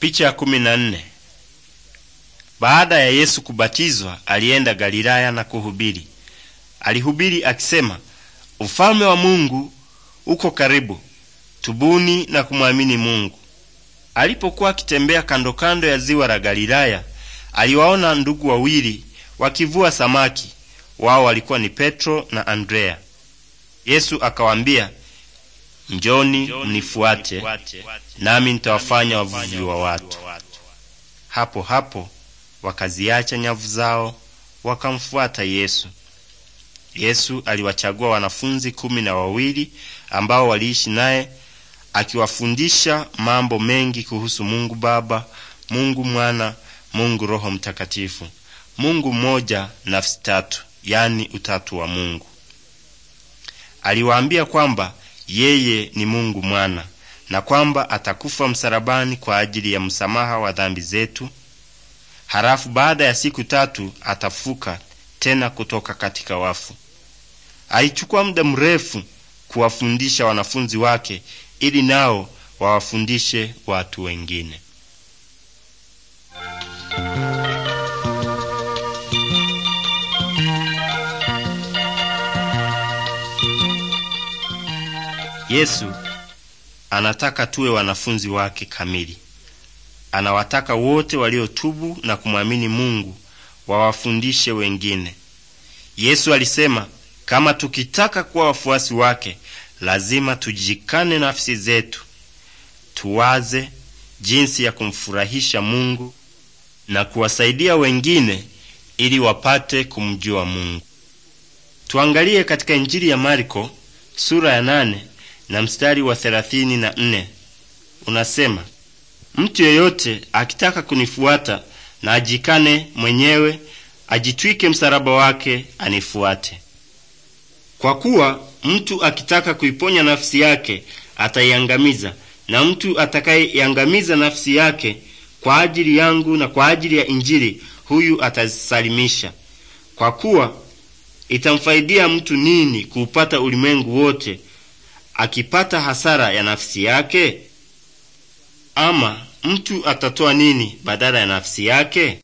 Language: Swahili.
Picha ya kumi na nne. Baada ya Yesu kubatizwa alienda Galilaya na kuhubiri. Alihubiri akisema, ufalme wa Mungu uko karibu, tubuni na kumwamini Mungu. Alipokuwa akitembea kando kando ya ziwa la Galilaya, aliwaona ndugu wawili wakivua samaki. Wao walikuwa ni Petro na Andrea. Yesu akawambia, Njoni mnifuate, nami nitawafanya wavuvi wa watu. Hapo hapo wakaziacha nyavu zao wakamfuata Yesu. Yesu aliwachagua wanafunzi kumi na wawili ambao waliishi naye akiwafundisha mambo mengi kuhusu Mungu Baba, Mungu Mwana, Mungu Roho Mtakatifu, Mungu mmoja nafsi tatu, yani utatu wa Mungu. Aliwaambia kwamba yeye ni Mungu mwana na kwamba atakufa msalabani kwa ajili ya msamaha wa dhambi zetu, halafu baada ya siku tatu atafuka tena kutoka katika wafu. Aichukua muda mrefu kuwafundisha wanafunzi wake ili nao wawafundishe watu wengine. Yesu anataka tuwe wanafunzi wake kamili. Anawataka wote waliotubu na kumwamini Mungu wawafundishe wengine. Yesu alisema kama tukitaka kuwa wafuasi wake, lazima tujikane nafsi zetu, tuwaze jinsi ya kumfurahisha Mungu na kuwasaidia wengine ili wapate kumjua Mungu. Tuangalie katika Injili ya Marko sura ya nane na mstari wa thelathini na nne unasema, mtu yeyote akitaka kunifuata na ajikane mwenyewe, ajitwike msalaba wake, anifuate. Kwa kuwa mtu akitaka kuiponya nafsi yake ataiangamiza, na mtu atakayeiangamiza nafsi yake kwa ajili yangu na kwa ajili ya Injili, huyu atasalimisha. Kwa kuwa itamfaidia mtu nini kuupata ulimwengu wote akipata hasara ya nafsi yake? Ama mtu atatoa nini badala ya nafsi yake?